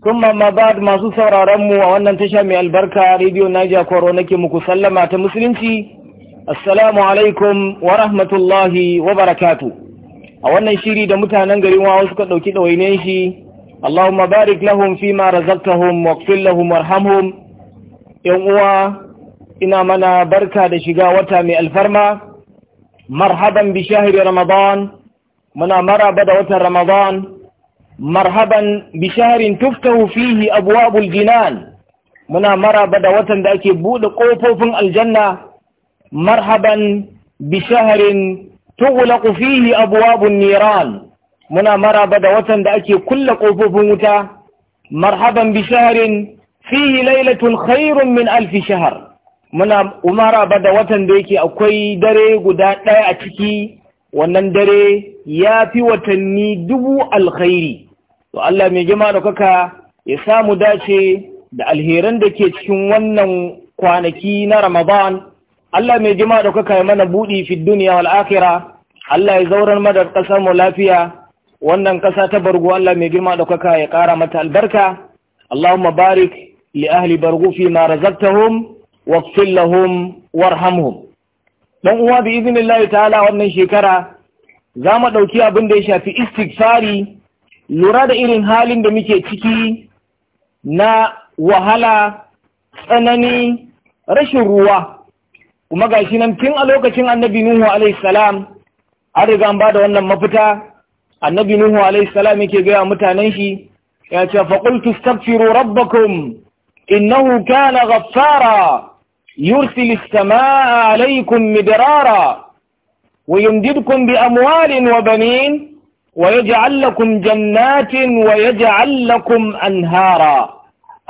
Kuma mabad masu sauraronmu a wannan tasha mai albarka Radio Niger Kwaro nake muku sallama ta musulunci. Assalamu alaikum wa rahmatullahi wa barakatu. A wannan shiri da mutanen garin wawa suka ɗauki ɗawainiyar shi, Allahumma barik lahum fi ma razaqtahum waqfil lahum warhamhum. Yan uwa ina mana barka da shiga wata mai alfarma. Marhaban bi shahri Ramadan. Muna maraba da watan Ramadan. marhaban bisharin tuftahu fihi abwabul jinan muna maraba da watan da ake bude kofofin aljanna marhaban bisharin tughlaqu fihi abwabun niran muna maraba da watan da ake kulle kofofin wuta marhaban bisharin fihi lailatun khairun min alfi shahar muna da watan da yake akwai dare guda ɗaya a ciki wannan dare ya fi watanni dubu alkhairi to Allah mai gima da ya samu dace da alheran da ke cikin wannan kwanaki na Ramadan Allah mai gima da kaka ya mana buɗi fi duniya wal akhirah Allah ya zauran madar ƙasar mu lafiya wannan ƙasa ta bargo Allah mai gima da kaka ya ƙara mata albarka Allahumma barik li ahli bargo fi ma razaqtahum waghfir lahum warhamhum dan uwa bi iznillahi ta'ala wannan shekara za mu ɗauki abin da ya shafi istighfari lura da irin halin da muke ciki na wahala tsanani rashin ruwa kuma gashi nan tun a lokacin annabi nuhu alaihi salam an riga an bada wannan mafita annabi nuhu alaihi salam yake gaya mutanen shi ya ce faqultu astaghfiru rabbakum innahu kana ghaffara yursil as-samaa alaykum midrara wa bi amwalin wa banin ويجعل لكم جنات ويجعل لكم أنهارا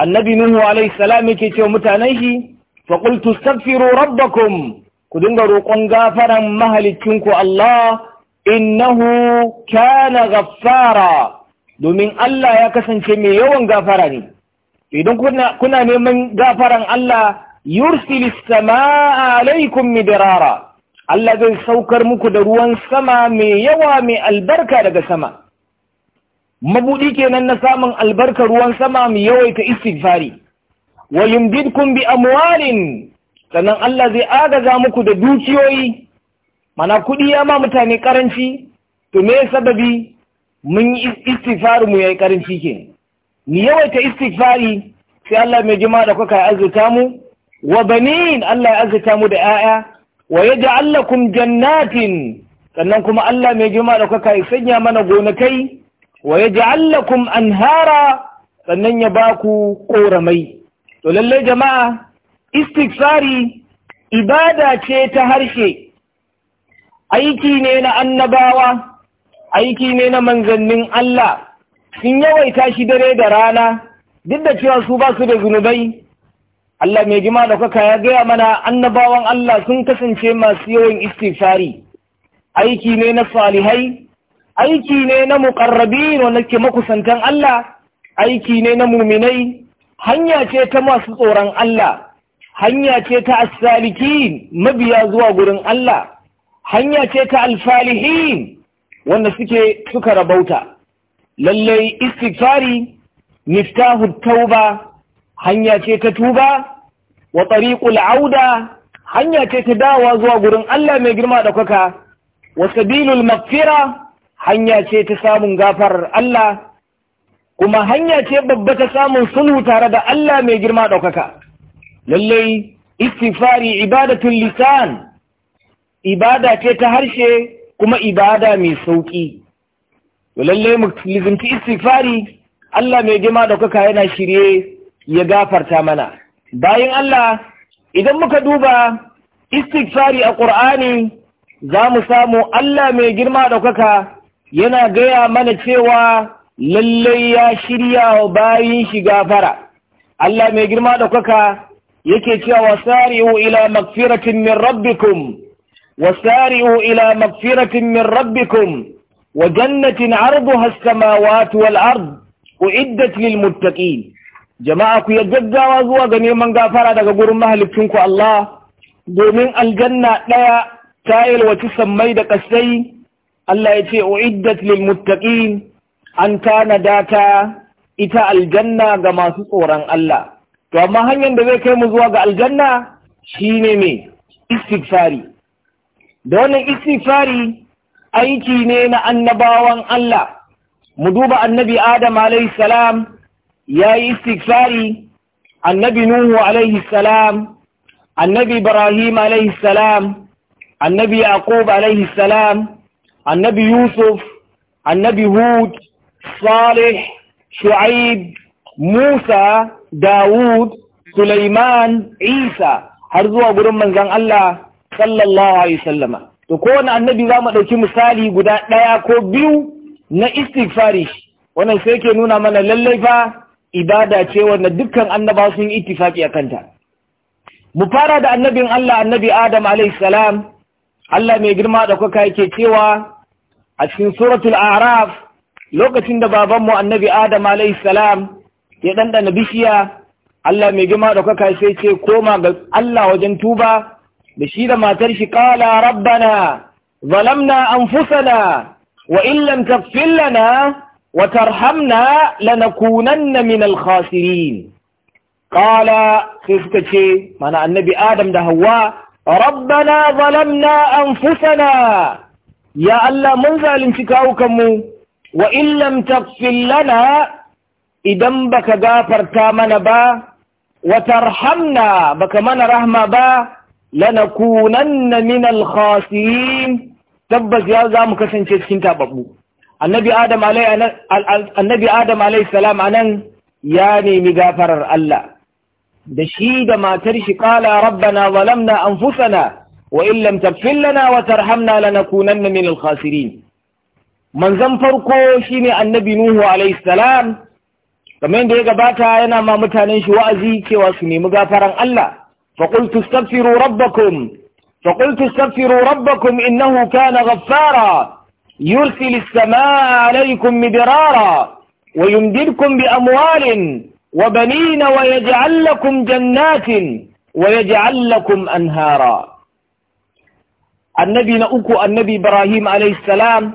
النبي نوح عليه السلام كيتو متانيه فقلت استغفروا ربكم كدنغ روقون غافرا مهل تنكو الله إنه كان غفارا domin Allah ya kasance mai yawan gafara ne idan kuna kuna neman gafaran Allah yursilis samaa alaikum midrara Allah zai saukar muku da ruwan sama mai yawa mai albarka daga sama mabuɗi kenan na samun albarka ruwan sama mai yawaita istighfari wa yumdidkum bi amwalin sannan Allah zai agaza muku da dukiyoyi mana kuɗi ya ma mutane karanci to me sababi mun yi istighfar mu yayi karanci ke ni yawaita istighfari sai Allah mai jima da kuka azuta mu wa banin Allah ya azuta mu da 'ya'ya. wa yaj'al lakum jannatin sannan kuma Allah mai girma da kuka yi sanya mana gonakai wa yaj'al lakum anhara sannan ya baku ƙoramai. to lalle jama'a istighfari ibada ce ta harshe aiki ne na annabawa aiki ne na manzannin Allah sun yawaita shi dare da rana duk da cewa su ba su da zunubai Allah mai gima da kuka ya gaya mana annabawan Allah sun kasance masu yawan istifari, aiki ne na salihai aiki ne na muqarrabin wanda ke makusantan Allah aiki ne na muminai hanya ce ta masu tsoron Allah hanya ce ta asaliki mabiya zuwa gurin Allah hanya ce ta alfalihin wanda suke suka rabauta lallai istifari, miftahu tauba hanya ce ta tuba wa tariqul auda hanya ce ta dawa zuwa gurin Allah mai girma da kwaka wa sabilul maghfira hanya ce ta samun gafarar Allah kuma hanya ce babba ta samun sulhu tare da Allah mai girma ɗaukaka lallai istighfari ibadatul lisan ibada ce ta harshe kuma ibada mai sauƙi. lallai mu lizinti istighfari Allah mai girma kuka yana shirye ya gafarta mana bayan Allah idan muka duba istighfari a ƙur'ani za mu samu Allah mai girma ɗaukaka yana gaya mana cewa lallai ya shirya wa bayin shi gafara Allah mai girma ɗaukaka yake cewa sari'u ila magfiratin min rabbikum wasari'u ila magfiratin min rabbikum wa jannatin arduha as-samawati wal ard jama'a ku ya gaggawa zuwa ga neman gafara daga gurin mahalicinku Allah domin aljanna ɗaya ta yalwaci sammai da ƙasai Allah ya ce uiddat lil muttaqin an tanada ta ita aljanna ga masu tsoron Allah to amma hanyar da zai kai mu zuwa ga aljanna shine me istighfari da wannan istighfari aiki ne na annabawan Allah mu duba annabi Adam alayhi salam ya yi istighfari annabi nuhu alaihi salam annabi ibrahim alaihi salam annabi yaqub alaihi salam annabi yusuf annabi hud salih shu'aib musa dawud sulaiman isa har zuwa gurin manzon Allah sallallahu alaihi wasallama to kowane annabi za mu ɗauki misali guda ɗaya ko biyu na istighfari wannan sai ke nuna mana lallai fa ibada ce wanda dukkan annaba sun yi ittifaki a kanta mu fara da annabin Allah annabi Adam alayhi salam Allah mai girma da kuka yake cewa a cikin suratul a'raf lokacin da babanmu annabi Adam alayhi salam ya dandana bishiya Allah mai girma da kuka sai ce koma ga Allah wajen tuba da shi da matar shi qala rabbana zalamna anfusana wa in lam taghfir lana وترحمنا لنكونن من الخاسرين قال خفتكي معنى النبي آدم ده هو ربنا ظلمنا أنفسنا يا الله من ظالم تكاوكم وإن لم تغفر lana idan baka gafarta mana ba watarhamna baka mana rahma ba lanakunanna minal khasirin tabbas ya zamu kasance cikin tababbu annabi adam alai salam anan ya nemi gafarar Allah da shi da matar shi kala rabbana zalamna anfusana wa illam taghfir lana wa tarhamna lanakunanna min al-khasirin manzon farko shine annabi nuhu alai salam kamar da ya gabata yana ma mutanen shi wa'azi cewa su nemi gafaran Allah fa qultu astaghfiru rabbakum fa qultu astaghfiru rabbakum innahu kana ghaffara يرسل السماء عليكم مدرارا ويمددكم بأموال وبنين ويجعل لكم جنات ويجعل لكم أنهارا النبي نأكو النبي إبراهيم عليه السلام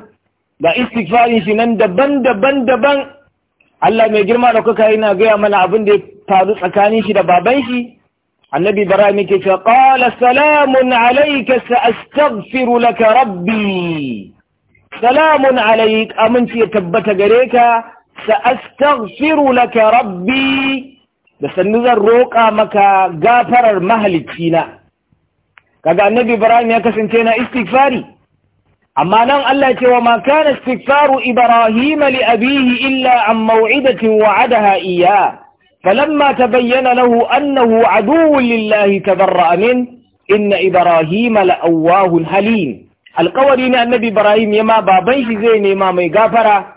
لا استغفاري في نند بند بند بند الله يجرم لك كاينا غير من عبند فارس أكاني في دبابيه النبي إبراهيم قال سلام عليك سأستغفر لك ربي salamun alaik aminci ya tabbata gare ka sa'astaghfiru laka rabbi da sannu zan roƙa maka gafarar mahalicina kaga annabi ibrahim ya kasance na istighfari amma nan Allah ce wa ma kana istighfaru ibrahim li abihi illa an maw'idatin wa'adaha iya falamma bayyana nahu annahu aduwwun lillahi tabarra'a min inna ibrahim la'awwahun halin. alkawari ne annabi ibrahim ya ma baban shi zai nema mai gafara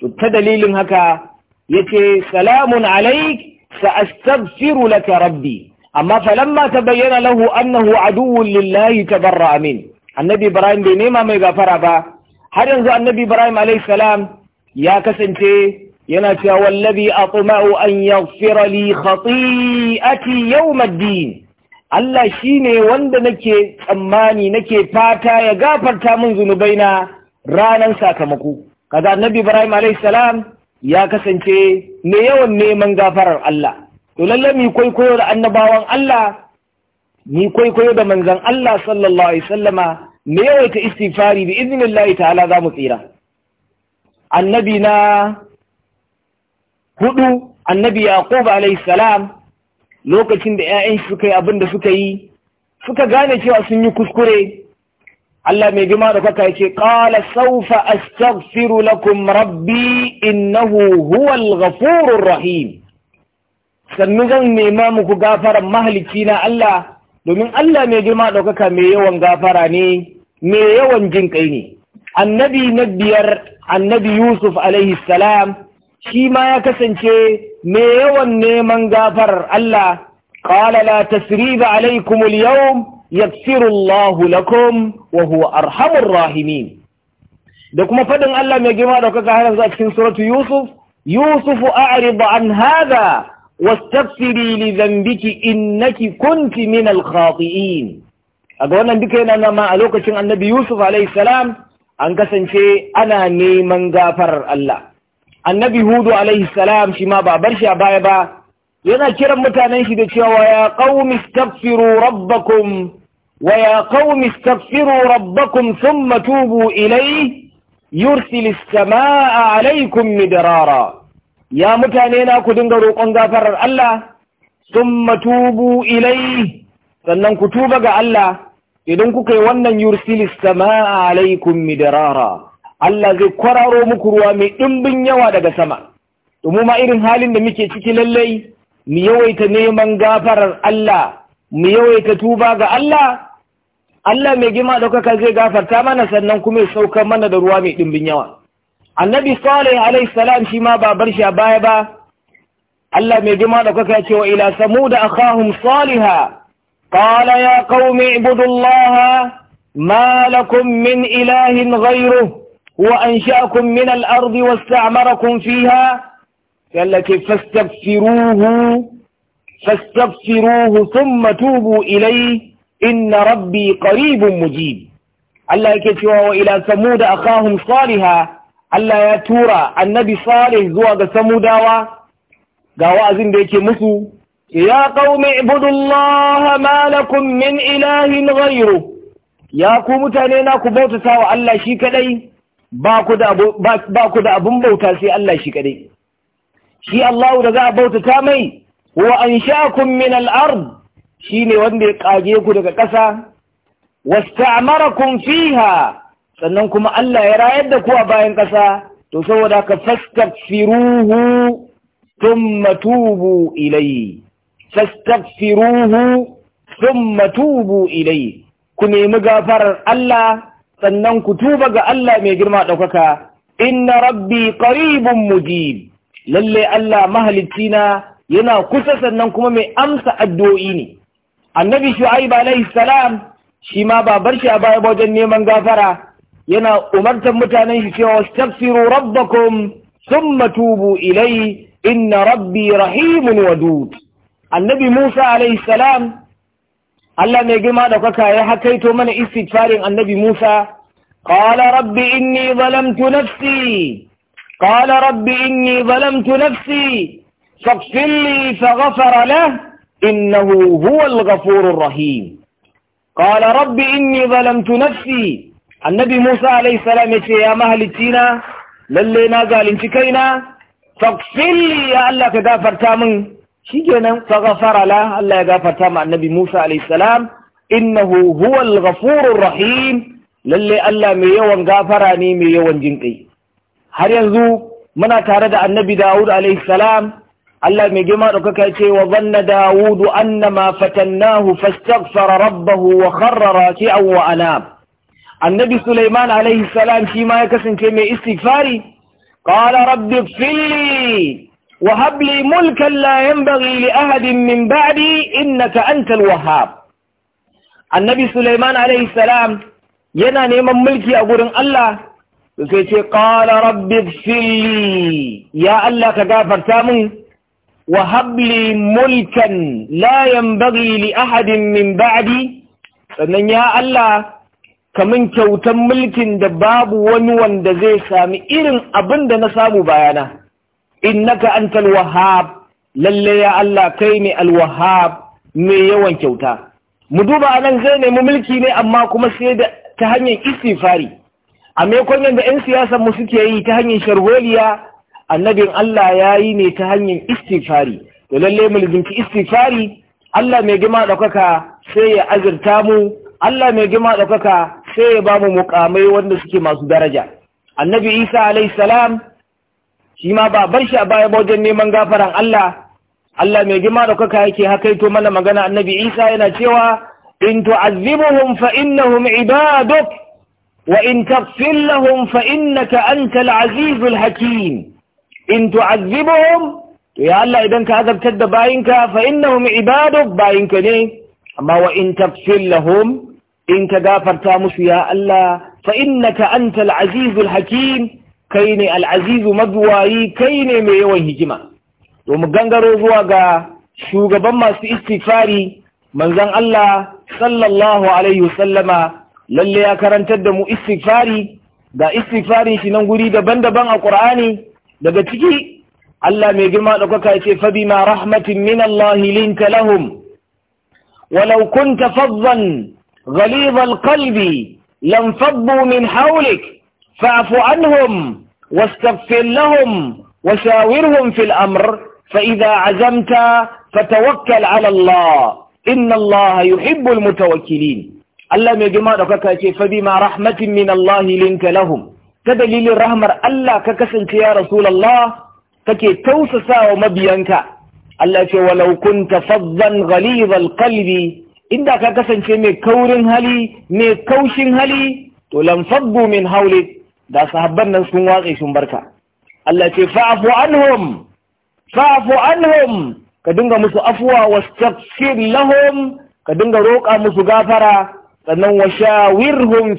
to ta dalilin haka yace salamun alaik sa'astaghfiru laka rabbi amma falamma tabayyana lahu annahu aduwwun lillahi tabarra min annabi ibrahim bai nema mai gafara ba har yanzu annabi ibrahim alayhi salam ya kasance yana cewa wallabi atma'u an yaghfira li khati'ati yawm ad-din Allah shi ne wanda nake tsammani nake fata ya gafarta min na ranar sakamako kaza annabi Ibrahim a.s. ya kasance mai yawan neman gafarar Allah to lallai mi kwaikwayo da annabawan Allah mi kwaikwayo da manzan Allah sallallahu alaihi sallama me yawaita istighfari bi iznillahi ta'ala za mu tsira annabi na hudu annabi yaqub alayhi lokacin da 'ya'yan suka yi abin da suka yi suka gane cewa sun yi kuskure Allah mai girma da kwaka yace qala sawfa astaghfiru lakum rabbi innahu huwal ghafurur rahim sannu zan nema muku gafaran mahalicci na Allah domin Allah mai girma ɗaukaka mai yawan gafara ne mai yawan jin kai ne annabi na biyar annabi Yusuf alaihi salam shi ma ya kasance me yawan neman gafar Allah qala la tasriba alaykum al-yawm yaghfiru Allahu lakum wa huwa arhamur rahimin da kuma fadin Allah mai girma da kuka har cikin suratu Yusuf Yusuf a'rid an hadha wastaghfiri li dhanbiki innaki kunti min al-khati'in aga wannan duka yana nama a lokacin Annabi Yusuf alayhi salam an kasance ana neman gafarar Allah annabi hudu alaihi salam shi ma bar shi a baya ba yana kiran mutanen shi da cewa ya qaumi istaghfiru rabbakum wa ya qaumi istaghfiru rabbakum thumma tubu ilayhi yursil as-samaa'a 'alaykum midrara ya mutane na ku dinga roƙon gafarar Allah thumma tubu ilayhi sannan ku tuba ga Allah idan kuka yi wannan yursil as-samaa'a 'alaykum midrara Allah zai kwararo muku ruwa mai ɗimbin yawa daga sama domin ma irin halin da muke ciki lallai mu yawaita neman gafarar Allah mu yawaita tuba ga Allah Allah mai gima ɗaukaka zai gafarta mana sannan kuma ya saukar mana da ruwa mai ɗimbin yawa annabi salih alaihi salam shi ma ba bar shi a baya ba Allah mai gima ɗaukaka ya ce wa ila samud akhahum saliha qala ya qaumi ibudullaha ma lakum min ilahin ghayruhu هو أنشأكم من الأرض واستعمركم فيها قال لك فاستغفروه فاستغفروه ثم توبوا إليه إن ربي قريب مجيب الله يكتوى وإلى ثمود أخاهم صالحا الله يتورى النبي صالح زواج ثمودا قالوا أزن بيك مسو يا قوم اعبدوا الله ما لكم من إله غيره يا قوم تانينا كبوتسا وعلا شيك ليه ba ku da abun bauta sai Allah shi kadai shi Allah da za a bautata mai wa anshakum min al Shi shine wanda ya ƙage ku daga ƙasa wasta'marakum fiha sannan kuma Allah ya rayar da ku a bayan ƙasa to saboda ka fastaghfiruhu thumma tubu ilayhi fastaghfiruhu thumma tubu ilai. ku nemi gafarar Allah sannan ku tuba ga Allah mai girma ɗaukaka inna rabbi qaribun mujib lalle Allah na. yana kusa sannan kuma mai amsa addu'o'i ne annabi shu'aib alaihi salam shi ma ba bar shi a baya wajen neman gafara yana umartar mutanen shi cewa tafsiru rabbakum thumma tubu ilai inna rabbi rahimun wadud annabi musa alaihi salam Allah mai girma da kwaka ya hakaito mana istighfarin annabi Musa qala rabbi inni zalamtu nafsi qala rabbi inni zalamtu nafsi faghfir li faghfara lahu innahu huwal ghafurur rahim qala rabbi inni zalamtu nafsi annabi Musa alayhi salam yace ya mahalicina lalle na zalunci kaina faghfir li ya Allah ka gafarta min shikenan fa ghafara la Allah ya gafarta ma annabi Musa alayhi salam innahu huwal ghafurur rahim lalle Allah mai yawan gafara ne mai yawan jinkai har yanzu muna tare da annabi Dawud alayhi salam Allah mai girma daukaka ya ce wa zanna Dawud annama fatannahu fastaghfara rabbahu wa kharra raki'an wa anab annabi Sulaiman alayhi salam shi ma ya kasance mai istighfari qala rabbi fili وهب لي ملكا لا ينبغي ahadin min بعدي إنك أنت الوهاب النبي سليمان عليه السلام yana neman mulki a gurin Allah sai ce qala rabbi fili ya Allah ka gafarta min wa habli mulkan la yanbaghi li ahadin min ba'di sannan ya Allah ka min kyautan mulkin da babu wani wanda zai sami irin abin da na samu bayana innaka antal wahhab lalle ya Allah kai ne al-wahhab mai yawan kyauta mu duba anan zai nemi mulki ne amma kuma sai da ta hanyar istifari a maimakon yadda 'yan siyasar mu suke yi ta hanyar sharholiya annabin Allah ya yi ne ta hanyar istifari to lalle mu lizinci istifari Allah mai gima ɗaukaka sai ya azurta mu Allah mai gima ɗaukaka sai ya ba mu mukamai wanda suke masu daraja annabi Isa alaihi salam shi ma ba bar shi a baya ba wajen neman gafaran Allah Allah mai girma da kuka yake hakaito mana magana annabi Isa yana cewa in tu'azzibuhum fa innahum ibaduk wa in taghfir lahum fa innaka antal azizul hakim in tu'azzibuhum to ya Allah idan ka azabtar da bayinka fa innahum ibaduk bayinka ne amma wa in taghfir lahum in ka gafarta musu ya Allah fa innaka antal azizul hakim kai ne al'azizu mazuwayi kai ne mai yawan hikima to mu gangaro zuwa ga shugaban masu istighfari manzon Allah sallallahu alaihi wasallama lalle ya karantar da mu istifari? ga istighfarin shi nan guri daban-daban a Qur'ani daga ciki Allah mai girma ɗaukaka ya ce fabi ma rahmatin min Allah linta lahum walau kunta faddan غليظ القلب لانفضوا من حولك فاعف عنهم واستغفر لهم وشاورهم في الأمر فإذا عزمت فتوكل على الله إن الله يحب المتوكلين الله يا جماعة فبما رحمة من الله لنت لهم تدليل الرحمة الله ككسنت يا رسول الله كي توسسا ومبينك الله يقول ولو كنت فظا غليظ القلب إذا ككسنت مي كورن هلي مي كوشن هلي فضوا من هولك da sahabban nan sun watsa sun barka Allah ce fa'fu anhum fa'fu anhum ka dinga musu afwa wastaghfir lahum ka dinga roƙa musu gafara sannan wa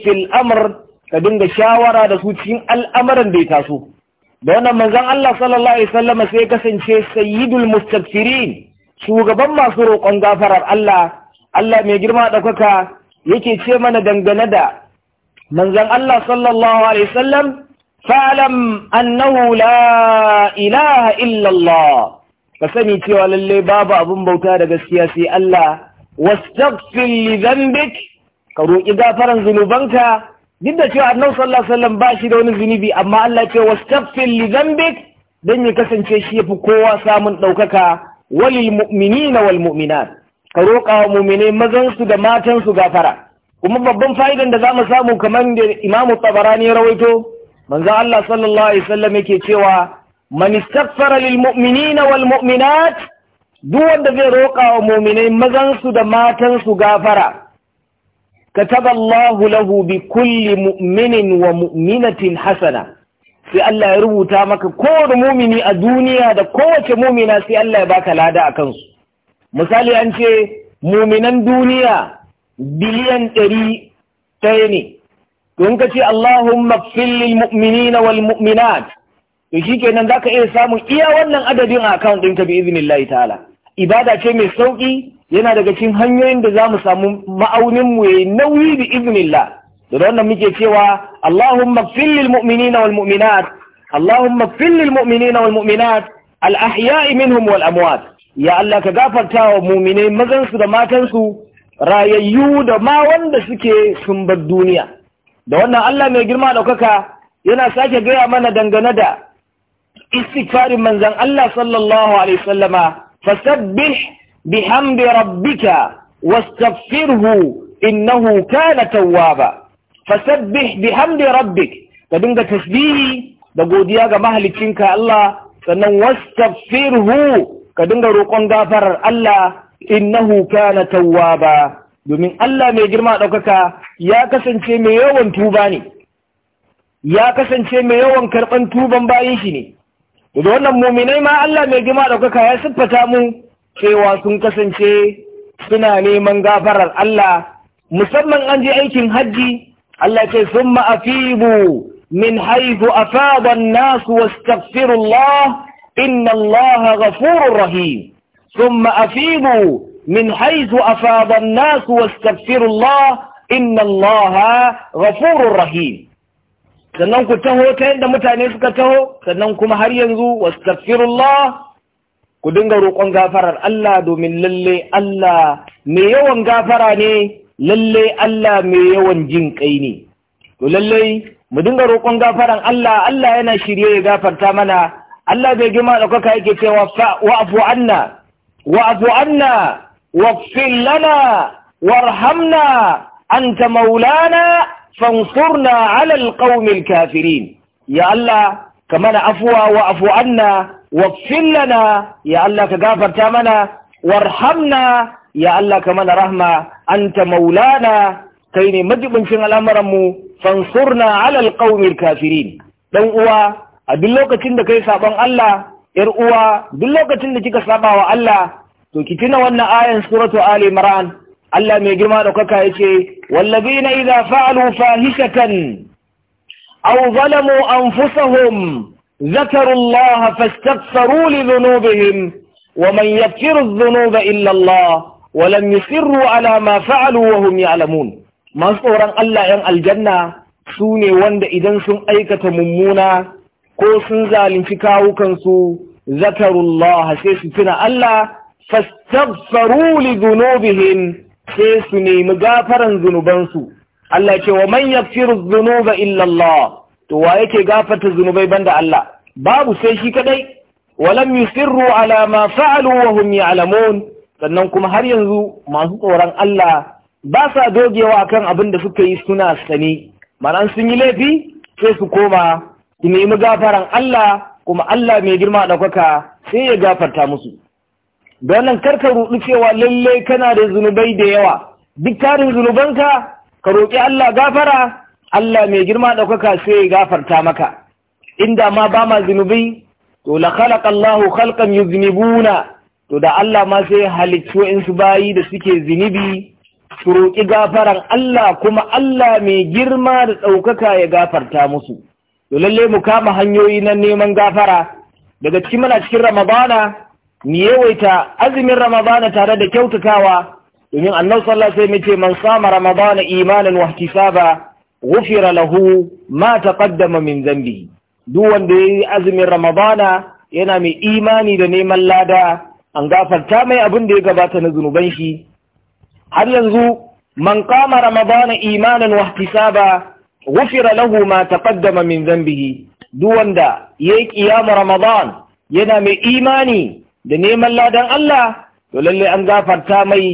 fil amr ka dinga shawara da su cikin al'amuran da ya taso da wannan manzon Allah sallallahu alaihi wasallam sai kasance sayyidul mustaghfirin shugaban masu roƙon gafarar Allah Allah mai girma da ɗaukaka yake ce mana dangane da manzon Allah sallallahu alaihi wasallam annahu la ilaha ka sani cewa lallai babu abun bauta da gaskiya sai Allah wastaghfir li ka roƙi gafaran zunubanka duk da cewa annahu sallallahu alaihi wasallam ba shi da wani zunubi amma Allah ce wastaghfir li dhanbik ya kasance shi yafi kowa samun ɗaukaka walil na wal mu'minat ka roƙa wa mu'mine mazan su da matan su gafara kuma babban fa'idan da za mu samu kamar da Imam Tabarani ya rawaito manzo Allah sallallahu alaihi wasallam yake cewa man istaghfara lil mu'minina wal mu'minat duk wanda zai roƙa wa mu'minai mazan su da matan su gafara Allahu lahu bi kulli mu'minin wa mu'minatin hasana sai Allah ya rubuta maka kowane mumini a duniya da kowace mumina sai Allah ya baka lada a kansu misali an ce muminan duniya biliyan ɗari ɗaya ne don ka ce Allahumma fil mu'minina wal mu'minat to za zaka iya samun iya wannan adadin a account ɗinka bi iznillahi ta'ala ibada ce mai sauƙi yana daga cikin hanyoyin da zamu samu ma'aunin mu yayi nauyi bi iznillah da wannan muke cewa Allahumma fil lil mu'minina wal mu'minat Allahumma fil mu'minina wal mu'minat al ahya'i minhum wal amwat ya Allah ka gafarta wa mu'minai mazan su da matan su rayayyu da ma wanda suke sun bar duniya da wannan Allah mai girma ɗaukaka yana sake gaya mana dangane da istighfarin manzan Allah sallallahu alaihi sallama fasabbih bihamdi rabbika wastaghfirhu innahu kana tawwaba fasabbih bihamdi rabbik ka dinga tasbihi da godiya ga mahalicinka Allah sannan wastaghfirhu ka dinga roƙon gafarar Allah innahu kana tawwaba domin Allah mai girma ɗaukaka ya kasance mai yawan tuba ne ya kasance mai yawan karɓan tuban bayin shi ne da wannan muminai ma Allah mai girma ɗaukaka ya siffata mu cewa sun kasance suna neman gafarar Allah musamman an je aikin hajji Allah ce sun ma'afibu min afada an nasu wastaghfirullah inna Allah ghafurur rahim ثم أفيضوا من حيث أفاض الناس واستغفروا الله إن الله غفور رحيم sannan ku taho ta yadda mutane suka taho sannan kuma har yanzu wastaghfirullah ku dinga roƙon gafarar Allah domin lalle Allah mai yawan gafara ne lalle Allah mai yawan jin kai ne to lalle mu dinga roƙon gafaran Allah Allah yana shirye ya gafarta mana Allah bai gima ɗaukaka yake cewa wa'fu anna واعف عنا واغفر لنا وارحمنا أنت مولانا فانصرنا على القوم الكافرين يا الله كمان عفوا وأفو عنا واغفر لنا يا الله كغافر تامنا وارحمنا يا الله كمان رحمة أنت مولانا كيني مجب شن الأمر مو فانصرنا على القوم الكافرين دون أوا أدلوك تندك يسابن الله ‘yar uwa duk lokacin da kika saba wa Allah to ki tuna wannan ayan suratu Ali Imran Allah mai girma da kaka yace wallazina idza fa'alu fahishatan aw zalamu anfusahum ذكروا الله فاستغفروا لذنوبهم ومن يغفر الذنوب إلا الله ولم يصروا على ما فعلوا وهم يعلمون ما صوران الله ين الجنة سوني وند إذن سن أيكة ممونة ko sun zalunci kawukansu zakarullah sai su tuna Allah fastaghfiru li dhunubihim sai su nemi gafaran zunubansu Allah ce wa man yaghfiru dhunuba illa Allah to wa yake gafarta zunubai banda Allah babu sai shi kadai walam yusirru ala ma fa'alu wa hum ya'lamun sannan kuma har yanzu masu tsoron Allah ba sa dogewa kan abin da suka yi suna sani maran sun yi laifi sai su koma su nemi gafaran Allah kuma Allah mai girma ɗaukaka sai ya gafarta musu don nan ka ruɗu cewa lallai kana da zunubai da yawa duk tarin zunubanka ka roƙi Allah gafara Allah mai girma ɗaukaka sai ya gafarta maka inda ma ba ma zunubi to la khalaqa Allahu khalqan to da Allah ma sai halittu halicci su bayi da suke zunubi su roƙi gafaran Allah kuma Allah mai girma da ɗaukaka ya gafarta musu to lalle mu kama hanyoyi na neman gafara daga cikin muna cikin ramadana mu yawaita azumin ramadana tare da kyautatawa domin annabi sallallahu alaihi wasallam ce man sama ramadana imanan wa ihtisaba ghufira lahu ma taqaddama min dhanbi duk wanda yayi azumin ramadana yana mai imani da neman lada an gafarta mai abin da ya gabata na zunuban shi har yanzu man kama ramadana imanan wa ihtisaba ghufira lahu ma taqaddama min dhanbihi duk wanda yayi qiyam ramadan yana mai imani da neman ladan Allah to lallai an gafarta mai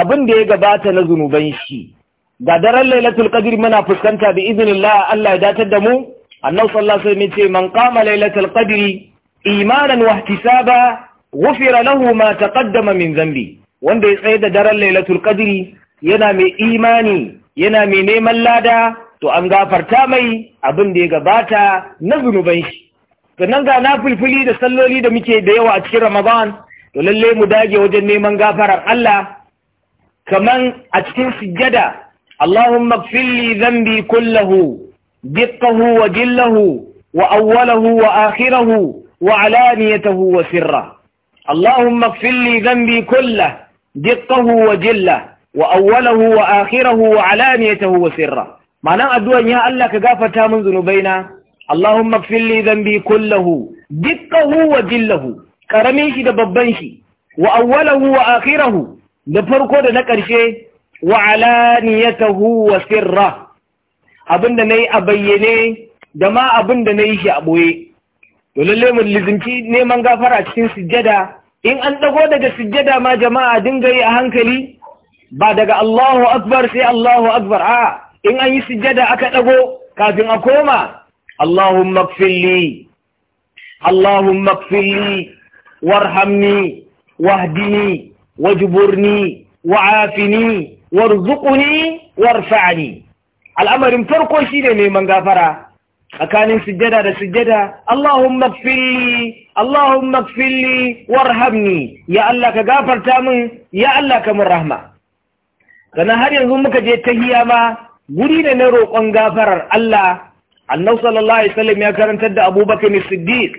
abin da ya gabata na zunuban shi ga daren lailatul qadr muna fuskanta bi iznillah Allah ya datar da mu annabi sallallahu alaihi ce man kama lailatul qadri imanan wa ihtisaba ghufira lahu ma taqaddama min dhanbi wanda ya tsayar da daren lailatul qadri yana mai imani yana mai neman lada to an gafarta mai abin da ya gabata na zunuban shi sannan ga na fulfuli da salloli da muke da yawa a cikin ramadan to lalle mu dage wajen neman gafarar Allah kaman a cikin sujjada Allahumma ighfir li dhanbi kullahu diqqahu wa jillahu wa awwalahu wa akhirahu wa alaniyatahu wa sirra Allahumma ighfir li dhanbi kullahu diqqahu wa jillahu wa awwalahu wa akhirahu wa alaniyatahu wa sirra ma'anan addu'an ya Allah ka gafarta min zunubaina Allahumma ighfir li kullahu dukkahu wa dillahu karamin shi da babban shi wa awwalahu wa akirahu da farko da na ƙarshe wa alaniyatahu wa sirra abinda nayi a bayyane da ma abinda yi shi a boye Dole lalle mu lizinci neman gafara cikin sujjada in an dago daga sujjada ma jama'a dinga yi a hankali ba daga Allahu akbar sai Allahu akbar a in an yi sujjada aka ɗago kafin a koma Allahumma kfilli Allahumma kfilli warhamni wahdini wajburni wa'afini warzuquni, warfa'ni al'amarin farko shine neman gafara tsakanin sujjada da sujjada Allahumma kfilli Allahumma kfilli warhamni ya Allah ka gafarta min ya Allah ka min rahma kana har yanzu muka je tahiya ma guri ne na roƙon gafarar Allah annabi sallallahu alaihi wasallam ya karantar da Abubakar Siddiq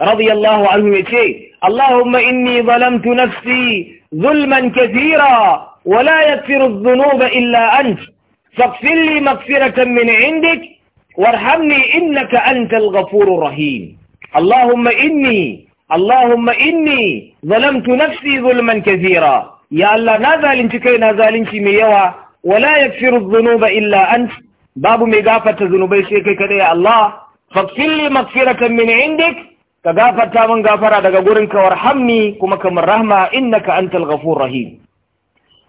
radiyallahu anhu ya ce Allahumma inni zalamtu nafsi zulman kathira wa la yaghfiru adh-dhunuba illa ant faghfir li maghfiratan min 'indik warhamni innaka antal ghafurur rahim Allahumma inni Allahumma inni zalamtu nafsi zulman kathira ya Allah na zalunci kaina zalunci mai yawa wala yaghfiru dhunuba illa ant babu mai gafarta zunubai sai kai kadai ya Allah faghfir li maghfiratan min indik ka gafarta min gafara daga gurin ka warhamni kuma kamar rahma innaka antal ghafur rahim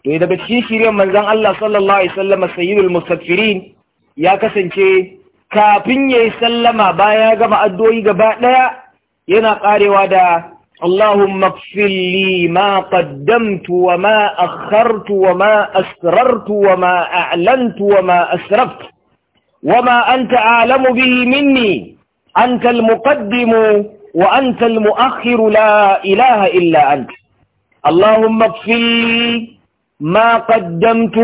to daga cikin shiryen manzon Allah sallallahu alaihi wasallam sayyidul mustaghfirin ya kasance kafin yayi sallama baya ya gama addu'o'i gaba daya yana karewa da اللهم اغفر لي ما قدمت وما أخرت وما أسررت وما أعلنت وما أسرفت وما أنت أعلم به مني أنت المقدم وأنت المؤخر لا إله إلا أنت اللهم اغفر لي ما قدمت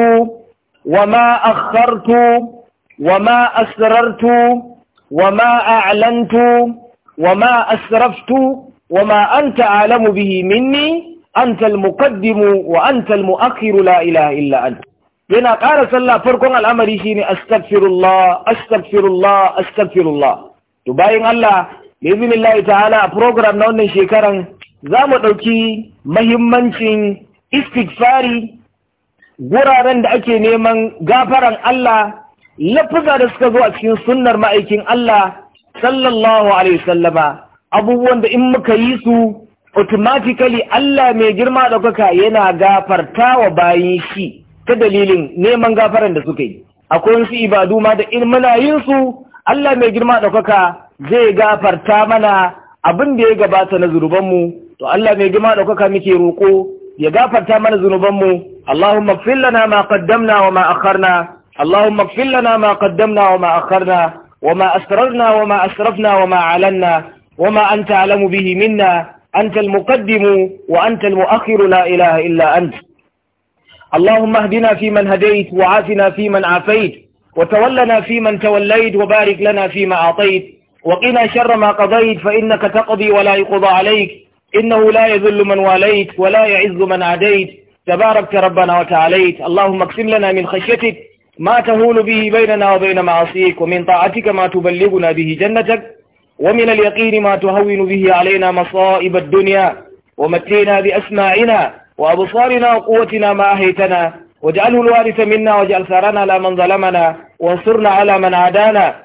وما أخرت وما أسررت وما أعلنت وما أسرفت وما أنت أعلم به مني Wa المقدم وأنت المؤخر لا إله إلا أنت yana ƙara sallah farkon al'amari shine astaghfirullah astaghfirullah astaghfirullah to bayan Allah bi iznillahi ta'ala a program na wannan shekaran za mu ɗauki mahimmancin istighfari guraren da ake neman gafaran Allah lafuza da suka zo a cikin sunnar ma'aikin Allah sallallahu alaihi sallama abubuwan da in muka yi su otomatikali Allah mai girma ɗaukaka yana gafarta wa bayan shi ta dalilin neman gafaran da suka yi akwai wasu ibadu ma da in muna yin su Allah mai girma ɗaukaka zai gafarta mana abin da ya gabata na zunubanmu to Allah mai girma ɗaukaka muke roƙo ya gafarta mana zunubanmu Allahumma ighfir lana ma wa ma اللهم اغفر لنا ما قدمنا وما أخرنا وما أسررنا وما أسرفنا وما أعلنا وما أنت أعلم به منا أنت المقدم وأنت المؤخر لا إله إلا أنت اللهم اهدنا فيمن هديت وعافنا فيمن عافيت وتولنا فيمن توليت وبارك لنا فيما أعطيت وقنا شر ما قضيت فإنك تقضي ولا يقضى عليك إنه لا يذل من واليت ولا يعز من عاديت تباركت ربنا وتعاليت اللهم اقسم لنا من خشيتك ما تهون به بيننا وبين معصيك ومن طاعتك ما تبلغنا به جنتك ومن اليقين ما تهون به علينا مصائب الدنيا ومتينا بأسماعنا وأبصارنا وقوتنا ما أهيتنا واجعله الوارث منا واجعل ثارنا على من ظلمنا وانصرنا على من عادانا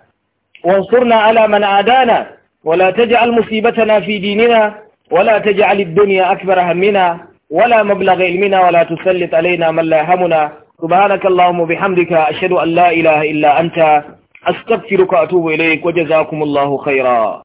وانصرنا على من عادانا ولا تجعل مصيبتنا في ديننا ولا تجعل الدنيا أكبر همنا ولا مبلغ علمنا ولا تسلط علينا من لا همنا سبحانك اللهم وبحمدك أشهد أن لا إله إلا أنت astaghfiruka wa atubu ilayk wa jazakumullahu khaira